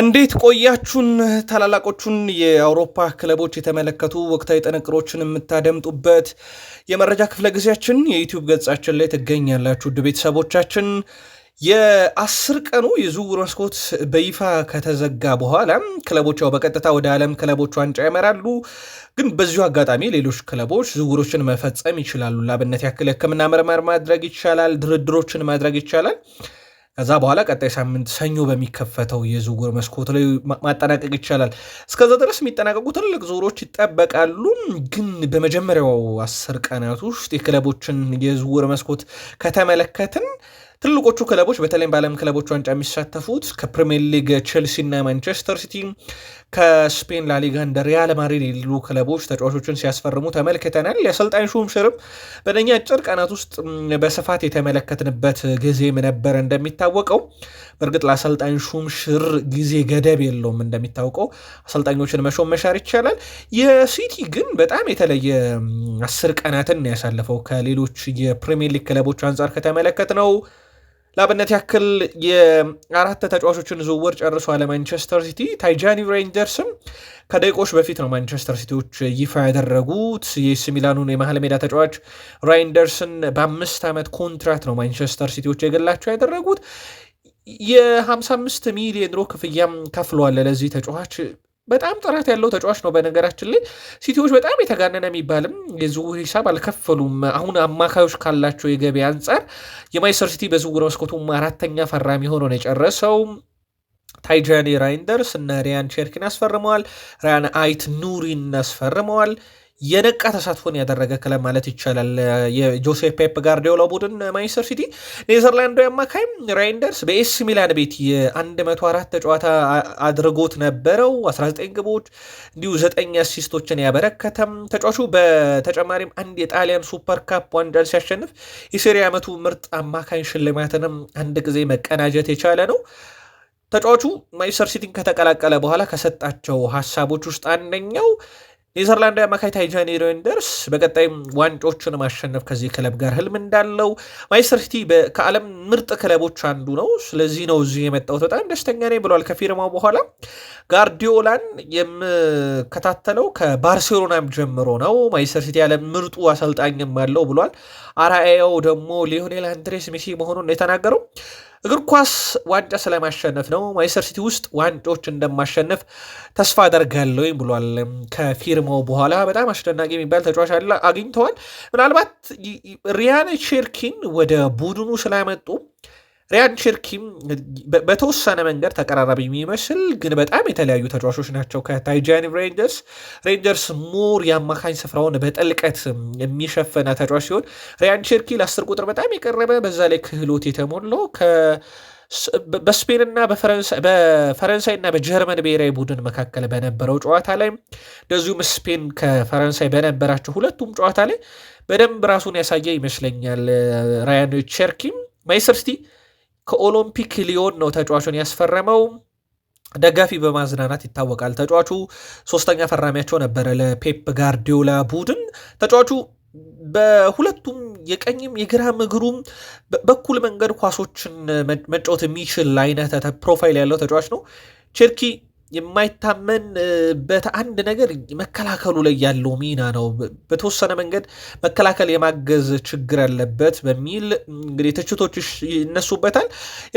እንዴት ቆያችሁን? ታላላቆቹን የአውሮፓ ክለቦች የተመለከቱ ወቅታዊ ጥንቅሮችን የምታደምጡበት የመረጃ ክፍለ ጊዜያችን የዩቲዩብ ገጻችን ላይ ትገኛላችሁ። ውድ ቤተሰቦቻችን የአስር ቀኑ የዝውውር መስኮት በይፋ ከተዘጋ በኋላ ክለቦች ያው በቀጥታ ወደ ዓለም ክለቦች ዋንጫ ያመራሉ። ግን በዚሁ አጋጣሚ ሌሎች ክለቦች ዝውውሮችን መፈጸም ይችላሉ። ላብነት ያክል ሕክምና ምርመራ ማድረግ ይቻላል። ድርድሮችን ማድረግ ይቻላል። ከዛ በኋላ ቀጣይ ሳምንት ሰኞ በሚከፈተው የዝውውር መስኮት ላይ ማጠናቀቅ ይቻላል። እስከዛ ድረስ የሚጠናቀቁ ትልልቅ ዝውውሮች ይጠበቃሉ። ግን በመጀመሪያው አስር ቀናት ውስጥ የክለቦችን የዝውውር መስኮት ከተመለከትን ትልቆቹ ክለቦች በተለይም በዓለም ክለቦች ዋንጫ የሚሳተፉት ከፕሪሚየር ሊግ ቼልሲና ማንቸስተር ሲቲ፣ ከስፔን ላሊጋ እንደ ሪያል ማድሪድ የሌሉ ክለቦች ተጫዋቾችን ሲያስፈርሙ ተመልክተናል። የአሰልጣኝ ሹም ሽርም በነኛ አጭር ቀናት ውስጥ በስፋት የተመለከትንበት ጊዜም ነበር። እንደሚታወቀው በእርግጥ ለአሰልጣኝ ሹም ሽር ጊዜ ገደብ የለውም። እንደሚታወቀው አሰልጣኞችን መሾም መሻር ይቻላል። የሲቲ ግን በጣም የተለየ አስር ቀናትን ያሳለፈው ከሌሎች የፕሪሚየር ሊግ ክለቦች አንጻር ከተመለከት ነው። ለአብነት ያክል የአራት ተጫዋቾችን ዝውውር ጨርሷል ለማንቸስተር ሲቲ። ታይጃኒ ሬንጀርስም ከደቂቆች በፊት ነው ማንቸስተር ሲቲዎች ይፋ ያደረጉት የኤሲ ሚላኑን የመሀል ሜዳ ተጫዋች ሬንደርስን በአምስት ዓመት ኮንትራት ነው ማንቸስተር ሲቲዎች የገላቸው ያደረጉት። የ55 ሚሊዮን ዩሮ ክፍያም ከፍለዋል ለዚህ ተጫዋች። በጣም ጥራት ያለው ተጫዋች ነው። በነገራችን ላይ ሲቲዎች በጣም የተጋነነ የሚባልም የዝውውር ሂሳብ አልከፈሉም። አሁን አማካዮች ካላቸው የገበያ አንጻር የማይስተር ሲቲ በዝውውር መስኮቱም አራተኛ ፈራሚ ሆኖ ነው የጨረሰው። ታይጃኒ ራይንደርስ እና ሪያን ቸርኪን አስፈርመዋል። ራያን አይት ኑሪን አስፈርመዋል። የነቃ ተሳትፎን ያደረገ ክለብ ማለት ይቻላል። የጆሴፍ ፔፕ ጋርዲዮላ ቡድን ማንቸስተር ሲቲ ኔዘርላንዶ አማካይ ራይንደርስ በኤስ ሚላን ቤት የ104 ተጫዋታ አድርጎት ነበረው 19 ግቦች እንዲሁ 9 አሲስቶችን ያበረከተም ተጫዋቹ በተጨማሪም አንድ የጣሊያን ሱፐር ካፕ ዋንጫን ሲያሸንፍ የሴሪ ዓመቱ ምርጥ አማካኝ ሽልማትንም አንድ ጊዜ መቀናጀት የቻለ ነው። ተጫዋቹ ማንቸስተር ሲቲን ከተቀላቀለ በኋላ ከሰጣቸው ሀሳቦች ውስጥ አንደኛው ኔዘርላንዳዊ አማካይ ታይጃን ሮይንደርስ በቀጣይም ዋንጮቹን ማሸነፍ ከዚህ ክለብ ጋር ህልም እንዳለው ማይስተር ሲቲ ከዓለም ምርጥ ክለቦች አንዱ ነው። ስለዚህ ነው እዚህ የመጣሁት በጣም ደስተኛ ነኝ ብለዋል። ከፊርማው በኋላ ጋርዲዮላን የምከታተለው ከባርሴሎናም ጀምሮ ነው። ማይስተር ሲቲ ያለ ምርጡ አሰልጣኝም አለው ብሏል። አርአያው ደግሞ ሊዮኔል አንድሬስ ሜሲ መሆኑን የተናገረው እግር ኳስ ዋንጫ ስለማሸነፍ ነው። ማንቸስተር ሲቲ ውስጥ ዋንጫዎች እንደማሸነፍ ተስፋ አደርጋለሁ ብሏል። ከፊርማው በኋላ በጣም አስደናቂ የሚባል ተጫዋች አግኝተዋል። ምናልባት ሪያን ቼርኪን ወደ ቡድኑ ስላመጡ ሪያን ቸርኪም በተወሰነ መንገድ ተቀራራቢ የሚመስል ግን በጣም የተለያዩ ተጫዋቾች ናቸው። ከታይጃኒ ሬንጀርስ ሬንጀርስ ሞር የአማካኝ ስፍራውን በጥልቀት የሚሸፈነ ተጫዋች ሲሆን ሪያን ቸርኪ ለአስር ቁጥር በጣም የቀረበ በዛ ላይ ክህሎት የተሞላው በስፔንና በፈረንሳይና በጀርመን ብሔራዊ ቡድን መካከል በነበረው ጨዋታ ላይ እንደዚሁም ስፔን ከፈረንሳይ በነበራቸው ሁለቱም ጨዋታ ላይ በደንብ ራሱን ያሳየ ይመስለኛል። ራያን ቸርኪም ማይስተር ሲቲ ከኦሎምፒክ ሊዮን ነው ተጫዋቹን ያስፈረመው። ደጋፊ በማዝናናት ይታወቃል ተጫዋቹ። ሶስተኛ ፈራሚያቸው ነበረ ለፔፕ ጋርዲዮላ ቡድን ተጫዋቹ በሁለቱም የቀኝም የግራም እግሩም በኩል መንገድ ኳሶችን መጫወት የሚችል አይነት ፕሮፋይል ያለው ተጫዋች ነው። ቼርኪ የማይታመን በአንድ ነገር መከላከሉ ላይ ያለው ሚና ነው። በተወሰነ መንገድ መከላከል የማገዝ ችግር አለበት በሚል እንግዲህ ትችቶች ይነሱበታል።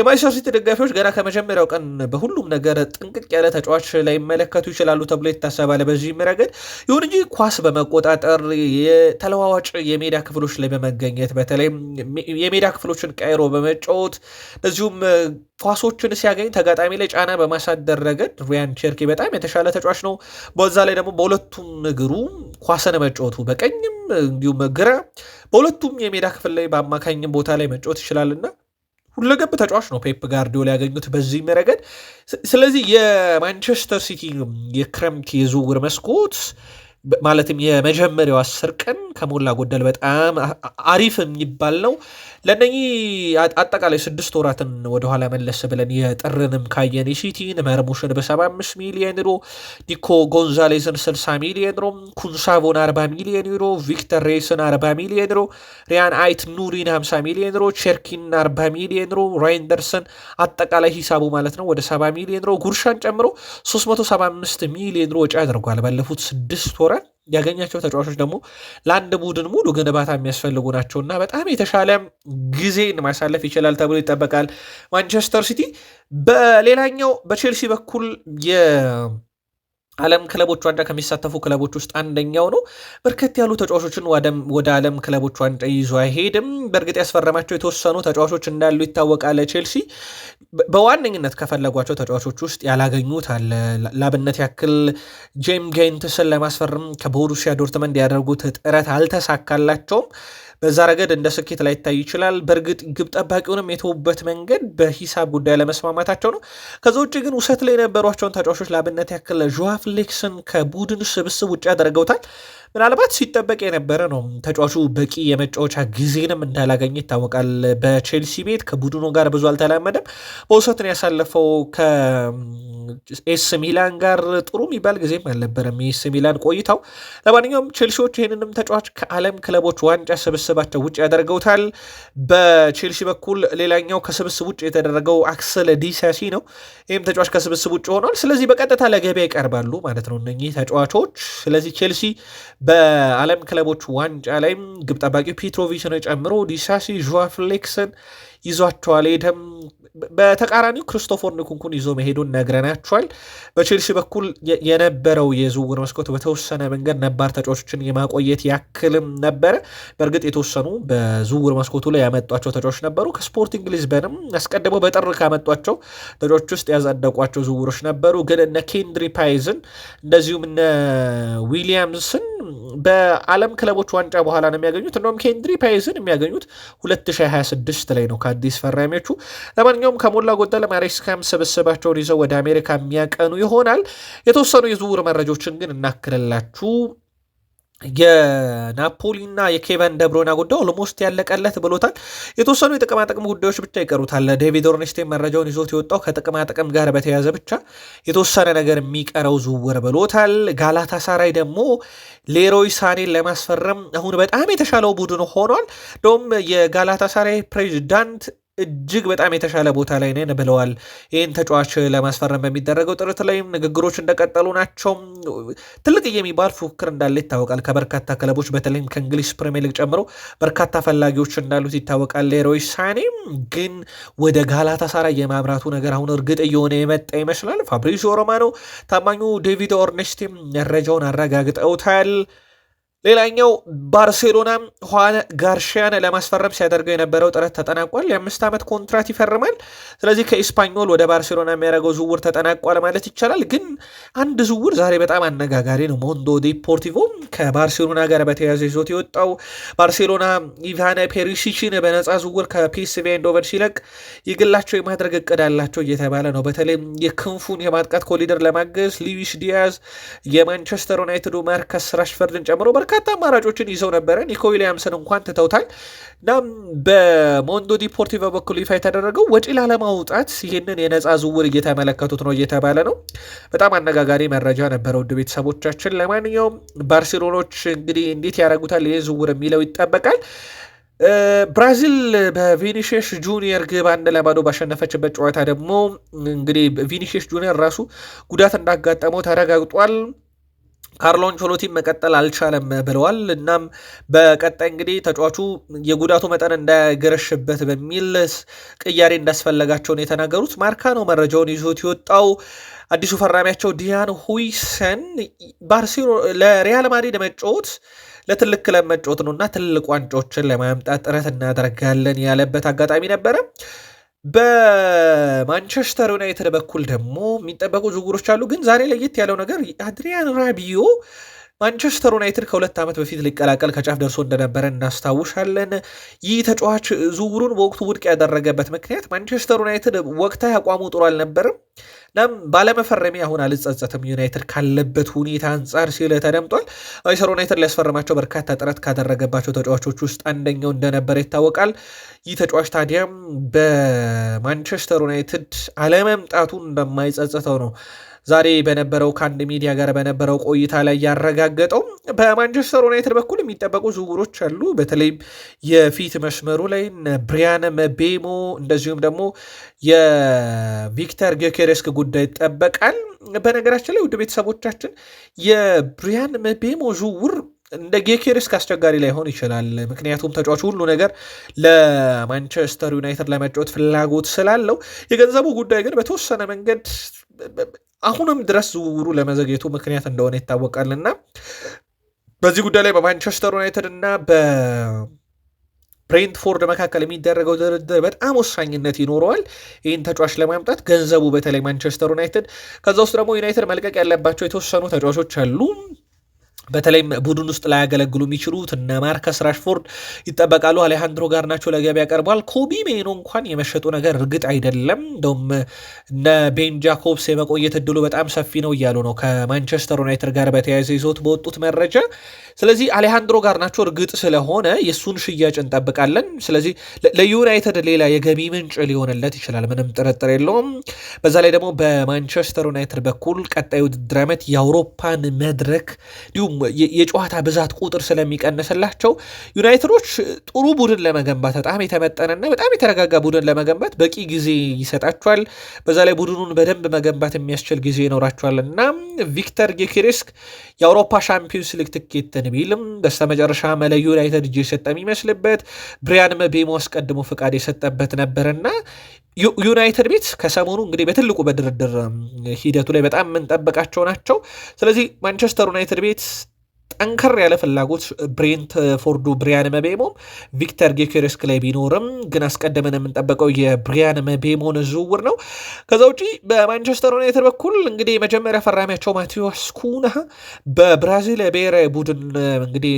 የማንቸስተር ሲቲ ደጋፊዎች ገና ከመጀመሪያው ቀን በሁሉም ነገር ጥንቅቅ ያለ ተጫዋች ላይመለከቱ ይችላሉ ተብሎ ይታሰባል በዚህም ረገድ። ይሁን እንጂ ኳስ በመቆጣጠር የተለዋዋጭ የሜዳ ክፍሎች ላይ በመገኘት በተለይ የሜዳ ክፍሎችን ቀይሮ በመጫወት እንደዚሁም ኳሶችን ሲያገኝ ተጋጣሚ ላይ ጫና በማሳደር ረገድ ሪያን ቸርኪ በጣም የተሻለ ተጫዋች ነው። በዛ ላይ ደግሞ በሁለቱም እግሩ ኳስን መጫወቱ በቀኝም እንዲሁም ግራ በሁለቱም የሜዳ ክፍል ላይ በአማካኝም ቦታ ላይ መጫወት ይችላልና ሁለገብ ተጫዋች ነው ፔፕ ጋርዲዮላ ያገኙት በዚህም ረገድ። ስለዚህ የማንቸስተር ሲቲ የክረምት የዝውውር መስኮት ማለትም የመጀመሪያው አስር ቀን ከሞላ ጎደል በጣም አሪፍ የሚባል ነው። ለእነኚህ አጠቃላይ ስድስት ወራትን ወደኋላ መለስ ብለን የጥርንም ካየን ሲቲን መርሙሽን በ75 ሚሊዮን ዩሮ፣ ኒኮ ጎንዛሌዝን 60 ሚሊዮን ዩሮ፣ ኩንሳቮን 40 ሚሊዮን ዩሮ፣ ቪክተር ሬስን 40 ሚሊዮን ዩሮ፣ ሪያን አይት ኑሪን 50 ሚሊዮን ዩሮ፣ ቸርኪን 40 ሚሊዮን ዩሮ፣ ራይንደርሰን አጠቃላይ ሂሳቡ ማለት ነው ወደ 70 ሚሊዮን ዩሮ ጉርሻን ጨምሮ 375 ሚሊዮን ዩሮ ወጪ አድርጓል ባለፉት ስድስት ይኖራል። ያገኛቸው ተጫዋቾች ደግሞ ለአንድ ቡድን ሙሉ ግንባታ የሚያስፈልጉ እና በጣም የተሻለ ጊዜን ማሳለፍ ይችላል ተብሎ ይጠበቃል። ማንቸስተር ሲቲ በሌላኛው በቼልሲ በኩል ዓለም ክለቦች ዋንጫ ከሚሳተፉ ክለቦች ውስጥ አንደኛው ነው። በርከት ያሉ ተጫዋቾችን ወደ ዓለም ክለቦች ዋንጫ ይዞ አይሄድም። በእርግጥ ያስፈረማቸው የተወሰኑ ተጫዋቾች እንዳሉ ይታወቃል። ቼልሲ በዋነኝነት ከፈለጓቸው ተጫዋቾች ውስጥ ያላገኙት አለ። ላብነት ያክል ጄም ጌንትስን ለማስፈረም ከቦሩሲያ ዶርትመንድ ያደርጉት ጥረት አልተሳካላቸውም። በዛ ረገድ እንደ ስኬት ላይታይ ይችላል። በእርግጥ ግብ ጠባቂውንም የተውበት መንገድ በሂሳብ ጉዳይ ለመስማማታቸው ነው። ከዛ ውጭ ግን ውሰት ላይ የነበሯቸውን ተጫዋቾች ለአብነት ያክል ዦዋ ፍሌክስን ከቡድን ስብስብ ውጭ ያደረገውታል። ምናልባት ሲጠበቅ የነበረ ነው። ተጫዋቹ በቂ የመጫወቻ ጊዜንም እንዳላገኘ ይታወቃል። በቼልሲ ቤት ከቡድኑ ጋር ብዙ አልተላመደም። በውሰትን ያሳለፈው ከኤስ ሚላን ጋር ጥሩ የሚባል ጊዜም አልነበረም የኤስ ሚላን ቆይታው። ለማንኛውም ቼልሲዎች ይህንንም ተጫዋች ከዓለም ክለቦች ዋንጫ ስብስባቸው ውጭ ያደርገውታል። በቼልሲ በኩል ሌላኛው ከስብስብ ውጭ የተደረገው አክሰል ዲሳሲ ነው። ይህም ተጫዋች ከስብስብ ውጭ ሆኗል። ስለዚህ በቀጥታ ለገበያ ይቀርባሉ ማለት ነው እነኚህ ተጫዋቾች። ስለዚህ ቼልሲ በዓለም ክለቦች ዋንጫ ላይም ግብ ጠባቂው ፔትሮቪችን ጨምሮ ዲሳሲ ዦዋ ፍሌክስን ይዟቸዋል። ይህም በተቃራኒው ክርስቶፎር ንኩንኩን ይዞ መሄዱን ነግረናቸዋል። በቼልሲ በኩል የነበረው የዝውውር መስኮት በተወሰነ መንገድ ነባር ተጫዋቾችን የማቆየት ያክልም ነበረ። በእርግጥ የተወሰኑ በዝውውር መስኮቱ ላይ ያመጧቸው ተጫዋቾች ነበሩ። ከስፖርቲንግ ሊዝበንም አስቀድሞ በጥር ካመጧቸው ተጫዋቾች ውስጥ ያጸደቋቸው ዝውውሮች ነበሩ። ግን እነ ኬንድሪ ፓይዝን እንደዚሁም እነ ዊሊያምስን በዓለም ክለቦች ዋንጫ በኋላ ነው የሚያገኙት። እንደውም ኬንድሪ ፓይስን የሚያገኙት 2026 ላይ ነው ከአዲስ ፈራሚዎቹ። ለማንኛውም ከሞላ ጎደል ማሬስካም ስብስባቸውን ይዘው ወደ አሜሪካ የሚያቀኑ ይሆናል። የተወሰኑ የዝውውር መረጃዎችን ግን እናክልላችሁ። የናፖሊና የኬቨን ደብሮና ጉዳይ ኦልሞስት ያለቀለት ብሎታል። የተወሰኑ የጥቅማጥቅም ጉዳዮች ብቻ ይቀሩታል። ዴቪድ ኦርንስቴን መረጃውን ይዞት የወጣው ከጥቅማጥቅም ጋር በተያያዘ ብቻ የተወሰነ ነገር የሚቀረው ዝውውር ብሎታል። ጋላታ ሳራይ ደግሞ ሌሮይ ሳኔን ለማስፈረም አሁን በጣም የተሻለው ቡድን ሆኗል። እንደውም የጋላታ ሳራይ ፕሬዚዳንት እጅግ በጣም የተሻለ ቦታ ላይ ነን ብለዋል። ይህን ተጫዋች ለማስፈረም በሚደረገው ጥረት ላይም ንግግሮች እንደቀጠሉ ናቸው። ትልቅ የሚባል ፉክክር እንዳለ ይታወቃል። ከበርካታ ክለቦች በተለይም ከእንግሊዝ ፕሪሚየር ሊግ ጨምሮ በርካታ ፈላጊዎች እንዳሉት ይታወቃል። ሌሮይ ሳኔም ግን ወደ ጋላታ ሳራይ የማምራቱ ነገር አሁን እርግጥ እየሆነ የመጣ ይመስላል። ፋብሪዚዮ ሮማኖ ታማኙ ዴቪድ ኦርኔስቲም መረጃውን አረጋግጠውታል። ሌላኛው ባርሴሎናም ኋን ጋርሺያን ለማስፈረም ሲያደርገው የነበረው ጥረት ተጠናቋል። የአምስት ዓመት ኮንትራት ይፈርማል። ስለዚህ ከኢስፓኞል ወደ ባርሴሎና የሚያደርገው ዝውውር ተጠናቋል ማለት ይቻላል። ግን አንድ ዝውውር ዛሬ በጣም አነጋጋሪ ነው። ሞንዶ ዲፖርቲቮ ከባርሴሎና ጋር በተያያዘ ይዞት የወጣው ባርሴሎና ኢቫነ ፔሪሲችን በነፃ ዝውውር ከፒስቪ አይንድሆቨን ሲለቅ የግላቸው የማድረግ እቅድ አላቸው እየተባለ ነው። በተለይም የክንፉን የማጥቃት ኮሊደር ለማገዝ ሊዊስ ዲያዝ፣ የማንቸስተር ዩናይትዱ ማርከስ ራሽፈርድን ጨምሮ በርካታ አማራጮችን ይዘው ነበረ። ኒኮ ዊሊያምስን እንኳን ትተውታል። እናም በሞንዶ ዲፖርቲቭ በኩል ይፋ የተደረገው ወጪ ላለማውጣት ይህንን የነፃ ዝውውር እየተመለከቱት ነው እየተባለ ነው። በጣም አነጋጋሪ መረጃ ነበረ ውድ ቤተሰቦቻችን። ለማንኛውም ባርሴሎኖች እንግዲህ እንዴት ያደርጉታል ይህ ዝውውር የሚለው ይጠበቃል። ብራዚል በቪኒሽስ ጁኒየር ግብ አንድ ለባዶ ባሸነፈችበት ጨዋታ ደግሞ እንግዲህ ቪኒሽስ ጁኒየር ራሱ ጉዳት እንዳጋጠመው ተረጋግጧል። ካርሎ አንቸሎቲ መቀጠል አልቻለም ብለዋል። እናም በቀጣይ እንግዲህ ተጫዋቹ የጉዳቱ መጠን እንዳይገረሽበት በሚል ቅያሬ እንዳስፈለጋቸውን የተናገሩት ማርካ ነው መረጃውን ይዞት የወጣው። አዲሱ ፈራሚያቸው ዲያን ሁይሰን ለሪያል ማድሪድ መጫወት ለትልቅ ክለብ መጫወት ነው እና ትልቅ ዋንጫዎችን ለማምጣት ጥረት እናደርጋለን ያለበት አጋጣሚ ነበረ። በማንቸስተር ዩናይትድ በኩል ደግሞ የሚጠበቁ ዝውውሮች አሉ። ግን ዛሬ ለየት ያለው ነገር አድሪያን ራቢዮ ማንቸስተር ዩናይትድ ከሁለት ዓመት በፊት ሊቀላቀል ከጫፍ ደርሶ እንደነበረ እናስታውሻለን። ይህ ተጫዋች ዝውውሩን በወቅቱ ውድቅ ያደረገበት ምክንያት ማንቸስተር ዩናይትድ ወቅታዊ አቋሙ ጥሩ አልነበርም ናም ባለመፈረሜ አሁን አልጸጸትም ዩናይትድ ካለበት ሁኔታ አንጻር ሲል ተደምጧል። ማንቸስተር ዩናይትድ ሊያስፈርማቸው በርካታ ጥረት ካደረገባቸው ተጫዋቾች ውስጥ አንደኛው እንደነበረ ይታወቃል። ይህ ተጫዋች ታዲያም በማንቸስተር ዩናይትድ አለመምጣቱን እንደማይጸጽተው ነው ዛሬ በነበረው ከአንድ ሚዲያ ጋር በነበረው ቆይታ ላይ ያረጋገጠው በማንቸስተር ዩናይትድ በኩል የሚጠበቁ ዝውውሮች አሉ። በተለይም የፊት መስመሩ ላይ ብሪያን መቤሞ እንደዚሁም ደግሞ የቪክተር ጌኬሬስክ ጉዳይ ይጠበቃል። በነገራችን ላይ ውድ ቤተሰቦቻችን የብሪያን መቤሞ ዝውውር እንደ አስቸጋሪ ከአስቸጋሪ ላይሆን ይችላል። ምክንያቱም ተጫዋቹ ሁሉ ነገር ለማንቸስተር ዩናይትድ ለመጫወት ፍላጎት ስላለው፣ የገንዘቡ ጉዳይ ግን በተወሰነ መንገድ አሁንም ድረስ ዝውውሩ ለመዘግየቱ ምክንያት እንደሆነ እና በዚህ ጉዳይ ላይ በማንቸስተር ዩናይትድ እና በብሬንትፎርድ መካከል የሚደረገው ድርድር በጣም ወሳኝነት ይኖረዋል። ይህን ተጫዋች ለማምጣት ገንዘቡ በተለይ ማንቸስተር ዩናይትድ ከዛ ውስጥ ደግሞ ዩናይትድ መልቀቅ ያለባቸው የተወሰኑ ተጫዋቾች አሉ። በተለይም ቡድን ውስጥ ላያገለግሉ የሚችሉት እነ ማርከስ ራሽፎርድ ይጠበቃሉ። አሌሃንድሮ ናቸው ለገበያ ቀርቧል። ኮቢ ሜኖ እንኳን የመሸጡ ነገር እርግጥ አይደለም። እንደውም እነ ቤን ጃኮብስ የመቆየት እድሉ በጣም ሰፊ ነው እያሉ ነው ከማንቸስተር ዩናይትድ ጋር በተያያዘ ይዞት በወጡት መረጃ። ስለዚህ አሌሃንድሮ ናቸው እርግጥ ስለሆነ የእሱን ሽያጭ እንጠብቃለን። ስለዚህ ለዩናይትድ ሌላ የገቢ ምንጭ ሊሆንለት ይችላል፣ ምንም ጥርጥር የለውም። በዛ ላይ ደግሞ በማንቸስተር ዩናይትድ በኩል ቀጣዩ ውድድር ዓመት የአውሮፓን መድረክ እንዲሁም የጨዋታ ብዛት ቁጥር ስለሚቀንስላቸው ዩናይትዶች ጥሩ ቡድን ለመገንባት በጣም የተመጠነና በጣም የተረጋጋ ቡድን ለመገንባት በቂ ጊዜ ይሰጣቸዋል። በዛ ላይ ቡድኑን በደንብ መገንባት የሚያስችል ጊዜ ይኖራቸዋል እና ቪክተር ጊክሪስክ የአውሮፓ ሻምፒዮንስ ሊግ ትኬትን ቢልም መጨረሻ መለዩ ዩናይትድ እጅ የሰጠ የሚመስልበት ብሪያን ምቤሞ አስቀድሞ ፈቃድ የሰጠበት ነበርና ዩናይትድ ቤት ከሰሞኑ እንግዲህ በትልቁ በድርድር ሂደቱ ላይ በጣም የምንጠብቃቸው ናቸው። ስለዚህ ማንቸስተር ዩናይትድ ቤት ጠንከር ያለ ፍላጎት ፎርዱ ብሪያን መቤሞም ቪክተር ጌኬሬስክ ላይ ቢኖርም ግን አስቀድመን የምንጠበቀው የብሪያን መቤሞን ዝውውር ነው። ከዛ ውጪ በማንቸስተር ዩናይትድ በኩል እንግዲህ የመጀመሪያ ፈራሚያቸው ማቴዎስ ኩንሃ በብራዚል የብሔራዊ ቡድን እንግዲህ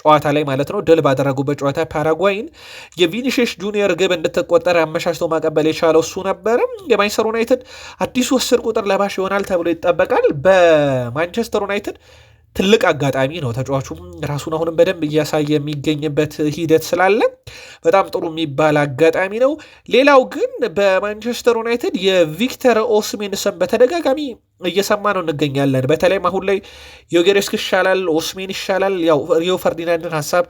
ጨዋታ ላይ ማለት ነው ድል ባደረጉበት ጨዋታ ፓራጓይን የቪኒሽሽ ጁኒየር ግብ እንድትቆጠር አመቻችቶ ማቀበል የቻለው እሱ ነበረ። የማንቸስተር ዩናይትድ አዲሱ አስር ቁጥር ለባሽ ይሆናል ተብሎ ይጠበቃል። በማንቸስተር ዩናይትድ ትልቅ አጋጣሚ ነው። ተጫዋቹም ራሱን አሁንም በደንብ እያሳየ የሚገኝበት ሂደት ስላለ በጣም ጥሩ የሚባል አጋጣሚ ነው። ሌላው ግን በማንቸስተር ዩናይትድ የቪክተር ኦስሜን በተደጋጋሚ እየሰማ ነው እንገኛለን። በተለይም አሁን ላይ ዮጌሬስክ ይሻላል፣ ኦስሜን ይሻላል። ያው ሪዮ ፈርዲናንድን ሀሳብ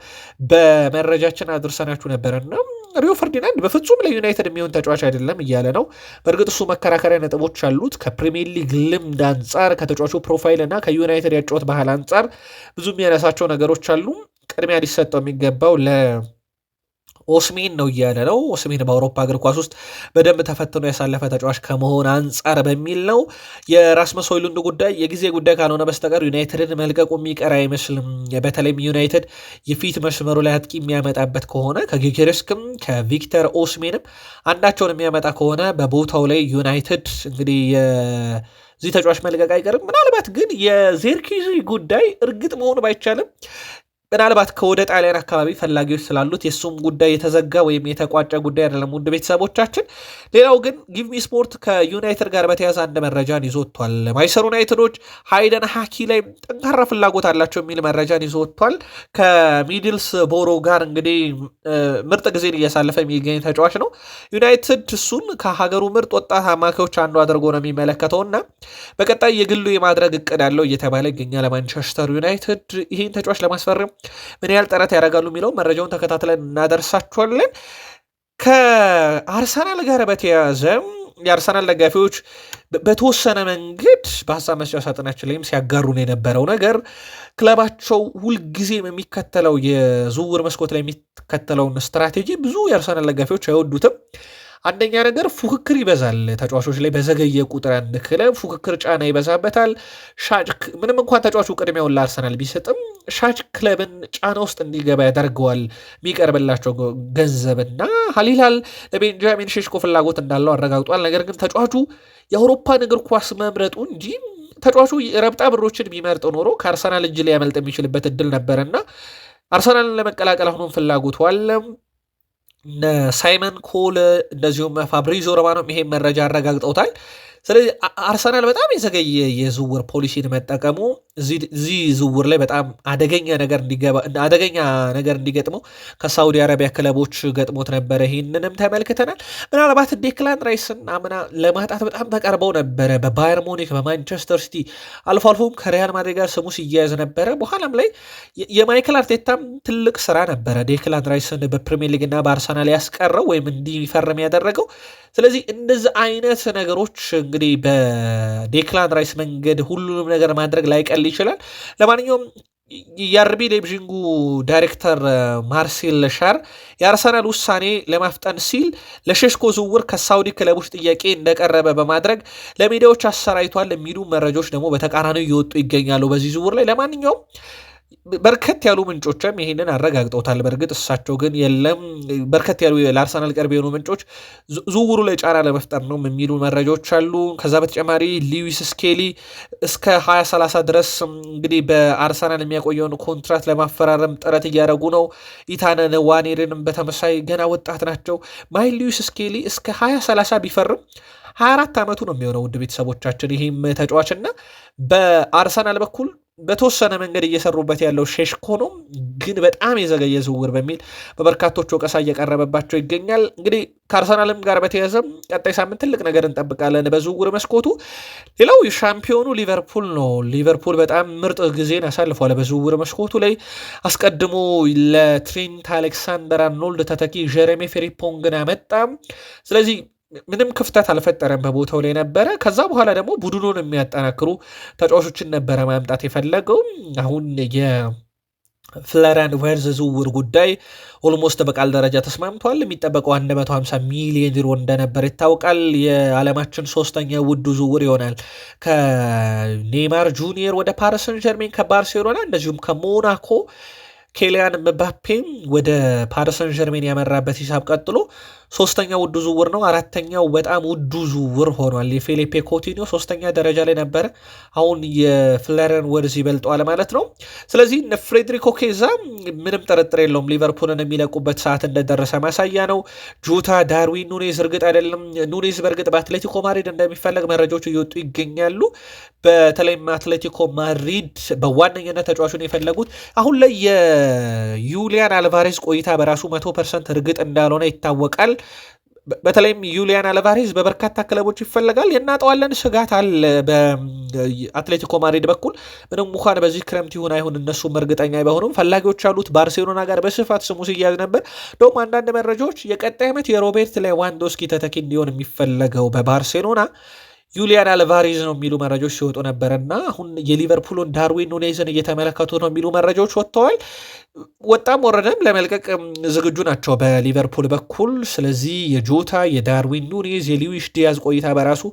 በመረጃችን አድርሰናችሁ ነበረና ሪዮ ፈርዲናንድ በፍጹም ለዩናይትድ የሚሆን ተጫዋች አይደለም እያለ ነው። በእርግጥ እሱ መከራከሪያ ነጥቦች አሉት። ከፕሪሚየር ሊግ ልምድ አንጻር፣ ከተጫዋቹ ፕሮፋይል እና ከዩናይትድ ያጫወት ባህል አንጻር ብዙ የሚያነሳቸው ነገሮች አሉ። ቅድሚያ ሊሰጠው የሚገባው ለ ኦስሜን ነው እያለ ነው። ኦስሜን በአውሮፓ እግር ኳስ ውስጥ በደንብ ተፈትኖ ያሳለፈ ተጫዋች ከመሆን አንጻር በሚል ነው። የራስመስ ሆይሉንድ ጉዳይ የጊዜ ጉዳይ ካልሆነ በስተቀር ዩናይትድን መልቀቁ የሚቀር አይመስልም። በተለይም ዩናይትድ የፊት መስመሩ ላይ አጥቂ የሚያመጣበት ከሆነ ከጊዮኬሬስም ከቪክተር ኦስሜንም አንዳቸውን የሚያመጣ ከሆነ በቦታው ላይ ዩናይትድ እንግዲህ እዚህ ተጫዋች መልቀቅ አይቀርም። ምናልባት ግን የዜርኪዚ ጉዳይ እርግጥ መሆኑ ባይቻልም ምናልባት ከወደ ጣሊያን አካባቢ ፈላጊዎች ስላሉት የእሱም ጉዳይ የተዘጋ ወይም የተቋጨ ጉዳይ አይደለም፣ ውድ ቤተሰቦቻችን። ሌላው ግን ጊቭሚ ስፖርት ከዩናይትድ ጋር በተያዘ አንድ መረጃን ይዞ ወጥቷል። ማይሰር ዩናይትዶች ሃይደን ሀኪ ላይ ጠንካራ ፍላጎት አላቸው የሚል መረጃን ይዞ ወጥቷል። ከሚድልስ ቦሮ ጋር እንግዲህ ምርጥ ጊዜን እያሳለፈ የሚገኝ ተጫዋች ነው። ዩናይትድ እሱን ከሀገሩ ምርጥ ወጣት አማካዮች አንዱ አድርጎ ነው የሚመለከተው እና በቀጣይ የግሉ የማድረግ እቅድ ያለው እየተባለ ይገኛል። ማንቸስተር ዩናይትድ ይህን ተጫዋች ለማስፈረም ምን ያህል ጥረት ያደርጋሉ የሚለው መረጃውን ተከታትለን እናደርሳችኋለን። ከአርሰናል ጋር በተያያዘ የአርሰናል ደጋፊዎች በተወሰነ መንገድ በሀሳብ መስጫ ሳጥናችን ላይም ሲያጋሩን የነበረው ነገር ክለባቸው ሁልጊዜም የሚከተለው የዝውውር መስኮት ላይ የሚከተለውን ስትራቴጂ ብዙ የአርሰናል ደጋፊዎች አይወዱትም። አንደኛ ነገር ፉክክር ይበዛል። ተጫዋቾች ላይ በዘገየ ቁጥር አንድ ክለብ ፉክክር ጫና ይበዛበታል። ሻጭ ምንም እንኳን ተጫዋቹ ቅድሚያውን ለአርሰናል ቢሰጥም ሻጭ ክለብን ጫና ውስጥ እንዲገባ ያደርገዋል። የሚቀርብላቸው ገንዘብና ሀሊላል ለቤንጃሚን ሼሽኮ ፍላጎት እንዳለው አረጋግጧል። ነገር ግን ተጫዋቹ የአውሮፓን እግር ኳስ መምረጡ እንጂ ተጫዋቹ ረብጣ ብሮችን ቢመርጥ ኖሮ ከአርሰናል እጅ ሊያመልጥ የሚችልበት እድል ነበርና አርሰናልን ለመቀላቀል አሁኑም ፍላጎቱ አለም ሳይመን ኮል እንደዚሁም ፋብሪዞ ሮማኖም ይሄን መረጃ አረጋግጠውታል። ስለዚህ አርሰናል በጣም የዘገየ የዝውውር ፖሊሲን መጠቀሙ እዚህ ዝውውር ላይ በጣም አደገኛ ነገር አደገኛ ነገር እንዲገጥመው ከሳውዲ አረቢያ ክለቦች ገጥሞት ነበረ። ይህንንም ተመልክተናል። ምናልባት ዴክላን ራይስን ምና ለማጣት በጣም ተቀርበው ነበረ በባየር ሙኒክ፣ በማንቸስተር ሲቲ አልፎ አልፎም ከሪያል ማድሪድ ጋር ስሙ ሲያያዝ ነበረ። በኋላም ላይ የማይክል አርቴታም ትልቅ ስራ ነበረ ዴክላን ራይስን በፕሪሚየር ሊግና በአርሰናል ያስቀረው ወይም እንዲፈርም ያደረገው ስለዚህ እንደዚህ አይነት ነገሮች እንግዲህ በዴክላን ራይስ መንገድ ሁሉንም ነገር ማድረግ ላይቀል ይችላል። ለማንኛውም የአርቢ ሌብዥንጉ ዳይሬክተር ማርሴል ሻር የአርሰናል ውሳኔ ለማፍጠን ሲል ለሸሽኮ ዝውውር ከሳውዲ ክለቦች ጥያቄ እንደቀረበ በማድረግ ለሚዲያዎች አሰራይቷል የሚሉ መረጃዎች ደግሞ በተቃራኒው እየወጡ ይገኛሉ በዚህ ዝውውር ላይ ለማንኛውም በርከት ያሉ ምንጮችም ይህንን አረጋግጠውታል። በእርግጥ እሳቸው ግን የለም በርከት ያሉ ለአርሰናል ቅርብ የሆኑ ምንጮች ዝውውሩ ላይ ጫና ለመፍጠር ነው የሚሉ መረጃዎች አሉ። ከዛ በተጨማሪ ሊዊስ ስኬሊ እስከ 2030 ድረስ እንግዲህ በአርሰናል የሚያቆየውን ኮንትራት ለማፈራረም ጥረት እያደረጉ ነው። ኢታነን ዋኔርንም በተመሳይ ገና ወጣት ናቸው። ማይል ሊዊስ ስኬሊ እስከ 2030 ቢፈርም 24 ዓመቱ ነው የሚሆነው። ውድ ቤተሰቦቻችን ይህም ተጫዋችና በአርሰናል በኩል በተወሰነ መንገድ እየሰሩበት ያለው ሼሽኮ ነው፣ ግን በጣም የዘገየ ዝውውር በሚል በበርካቶች ወቀሳ እየቀረበባቸው ይገኛል። እንግዲህ ከአርሰናልም ጋር በተያዘም ቀጣይ ሳምንት ትልቅ ነገር እንጠብቃለን በዝውውር መስኮቱ። ሌላው ሻምፒዮኑ ሊቨርፑል ነው። ሊቨርፑል በጣም ምርጥ ጊዜን አሳልፏል በዝውውር መስኮቱ ላይ። አስቀድሞ ለትሬንት አሌክሳንደር አርኖልድ ተተኪ ጀረሚ ፍሪምፖንግን አመጣም። ስለዚህ ምንም ክፍተት አልፈጠረም በቦታው ላይ ነበረ። ከዛ በኋላ ደግሞ ቡድኑን የሚያጠናክሩ ተጫዋቾችን ነበረ ማምጣት የፈለገውም አሁን የ ፍለራን ቨርዝ ዝውውር ጉዳይ ኦልሞስት በቃል ደረጃ ተስማምቷል። የሚጠበቀው 150 ሚሊዮን ዩሮ እንደነበር ይታወቃል። የዓለማችን ሶስተኛ ውዱ ዝውውር ይሆናል። ከኔይማር ጁኒየር ወደ ፓሪሰን ጀርሜን፣ ከባርሴሎና እንደዚሁም ከሞናኮ ኬሊያን ምባፔም ወደ ፓሪሰን ጀርሜን ያመራበት ሂሳብ ቀጥሎ ሶስተኛ ውዱ ዝውውር ነው። አራተኛው በጣም ውዱ ዝውውር ሆኗል። የፊሊፔ ኮቲኒዮ ሶስተኛ ደረጃ ላይ ነበረ። አሁን የፍለረን ወርዝ ይበልጠዋል ማለት ነው። ስለዚህ ፍሬድሪኮ ኬዛ ምንም ጥርጥር የለውም ሊቨርፑልን የሚለቁበት ሰዓት እንደደረሰ ማሳያ ነው። ጁታ፣ ዳርዊን ኑኔዝ እርግጥ አይደለም። ኑኔዝ በእርግጥ በአትሌቲኮ ማድሪድ እንደሚፈለግ መረጃዎች እየወጡ ይገኛሉ። በተለይም አትሌቲኮ ማድሪድ በዋነኝነት ተጫዋቹን የፈለጉት አሁን ላይ የዩሊያን አልቫሬዝ ቆይታ በራሱ መቶ ፐርሰንት እርግጥ እንዳልሆነ ይታወቃል። በተለይም ዩሊያን አለቫሬዝ በበርካታ ክለቦች ይፈለጋል። የናጠዋለን ስጋት አለ በአትሌቲኮ ማድሪድ በኩል ምንም እንኳን በዚህ ክረምት ይሁን አይሁን እነሱም እርግጠኛ ባይሆኑም ፈላጊዎች ያሉት ባርሴሎና ጋር በስፋት ስሙ ሲያዝ ነበር። እንደውም አንዳንድ መረጃዎች የቀጣይ ዓመት የሮቤርት ሌዋንዶስኪ ተተኪ እንዲሆን የሚፈለገው በባርሴሎና ዩሊያን አልቫሬዝ ነው የሚሉ መረጃዎች ሲወጡ ነበረ እና አሁን የሊቨርፑልን ዳርዊን ኑኔዝን እየተመለከቱ ነው የሚሉ መረጃዎች ወጥተዋል። ወጣም ወረደም ለመልቀቅ ዝግጁ ናቸው በሊቨርፑል በኩል። ስለዚህ የጆታ የዳርዊን ኑኔዝ የሊዊሽ ዲያዝ ቆይታ በራሱ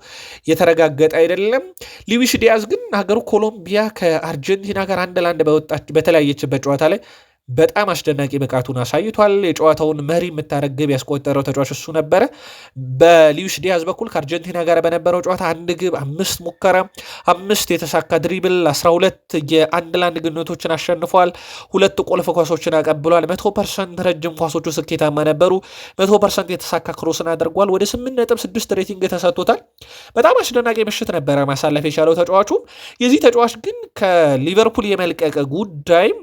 የተረጋገጠ አይደለም። ሊዊሽ ዲያዝ ግን ሀገሩ ኮሎምቢያ ከአርጀንቲና ጋር አንድ ለአንድ በተለያየችበት ጨዋታ ላይ በጣም አስደናቂ ብቃቱን አሳይቷል። የጨዋታውን መሪ የምታረግ ግብ ያስቆጠረው ተጫዋች እሱ ነበረ። በሊዩስ ዲያዝ በኩል ከአርጀንቲና ጋር በነበረው ጨዋታ አንድ ግብ፣ አምስት ሙከራ፣ አምስት የተሳካ ድሪብል፣ 12 የአንድ ለአንድ ግንኙነቶችን አሸንፏል። ሁለት ቁልፍ ኳሶችን አቀብሏል። መቶ ፐርሰንት ረጅም ኳሶቹ ስኬታማ ነበሩ። መቶ ፐርሰንት የተሳካ ክሮስን አድርጓል። ወደ 8.6 ሬቲንግ ተሰጥቶታል። በጣም አስደናቂ ምሽት ነበረ ማሳለፍ የቻለው ተጫዋቹ። የዚህ ተጫዋች ግን ከሊቨርፑል የመልቀቅ ጉዳይም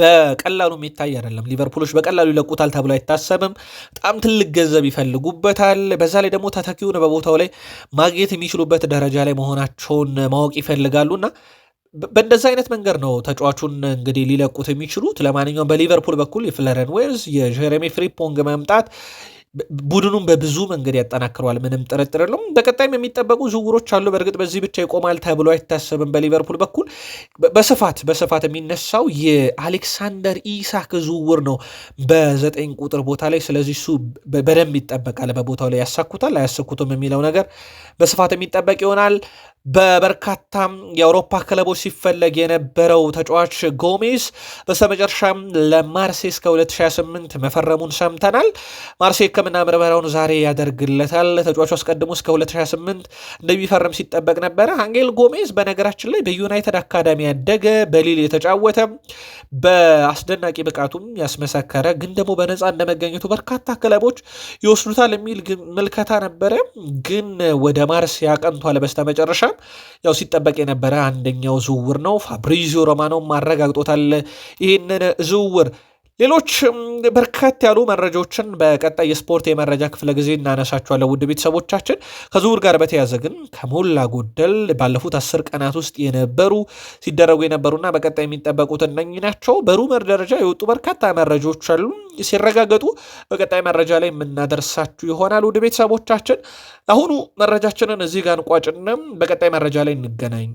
በቀላሉ የሚታይ አይደለም። ሊቨርፑሎች በቀላሉ ይለቁታል ተብሎ አይታሰብም። በጣም ትልቅ ገንዘብ ይፈልጉበታል። በዛ ላይ ደግሞ ተተኪውን በቦታው ላይ ማግኘት የሚችሉበት ደረጃ ላይ መሆናቸውን ማወቅ እና በእንደዚህ አይነት መንገድ ነው ተጫዋቹን እንግዲህ ሊለቁት የሚችሉት። ለማንኛውም በሊቨርፑል በኩል የፍለረን ዌልዝ የጀሬሚ ፍሪፖንግ መምጣት ቡድኑን በብዙ መንገድ ያጠናክረዋል። ምንም ጥርጥር የለውም። በቀጣይም የሚጠበቁ ዝውውሮች አሉ። በእርግጥ በዚህ ብቻ ይቆማል ተብሎ አይታሰብም። በሊቨርፑል በኩል በስፋት በስፋት የሚነሳው የአሌክሳንደር ኢሳክ ዝውውር ነው በዘጠኝ ቁጥር ቦታ ላይ። ስለዚህ እሱ በደንብ ይጠበቃል። በቦታው ላይ ያሳኩታል አያሳኩትም የሚለው ነገር በስፋት የሚጠበቅ ይሆናል። በበርካታ የአውሮፓ ክለቦች ሲፈለግ የነበረው ተጫዋች ጎሜዝ በስተመጨረሻም ለማርሴ እስከ 2028 መፈረሙን ሰምተናል። ማርሴ ሕክምና ምርመራውን ዛሬ ያደርግለታል። ተጫዋቹ አስቀድሞ እስከ 2028 እንደሚፈርም ሲጠበቅ ነበረ። አንጌል ጎሜዝ በነገራችን ላይ በዩናይትድ አካዳሚ ያደገ፣ በሊል የተጫወተ በአስደናቂ ብቃቱም ያስመሰከረ ግን ደግሞ በነፃ እንደመገኘቱ በርካታ ክለቦች ይወስዱታል የሚል ምልከታ ነበረ። ግን ወደ ማርሴ ያቀንቷል በስተመጨረሻ በስተቀርም ያው ሲጠበቅ የነበረ አንደኛው ዝውውር ነው። ፋብሪዚዮ ሮማኖም አረጋግጦታል ይህንን ዝውውር ሌሎች በርካታ ያሉ መረጃዎችን በቀጣይ የስፖርት የመረጃ ክፍለ ጊዜ እናነሳቸዋለን። ውድ ቤተሰቦቻችን ከዝውውር ጋር በተያዘ ግን ከሞላ ጎደል ባለፉት አስር ቀናት ውስጥ የነበሩ ሲደረጉ የነበሩና በቀጣይ የሚጠበቁት እነኝ ናቸው። በሩመር ደረጃ የወጡ በርካታ መረጃዎች አሉ። ሲረጋገጡ በቀጣይ መረጃ ላይ የምናደርሳችሁ ይሆናል። ውድ ቤተሰቦቻችን አሁኑ መረጃችንን እዚህ ጋር እንቋጭና በቀጣይ መረጃ ላይ እንገናኝ።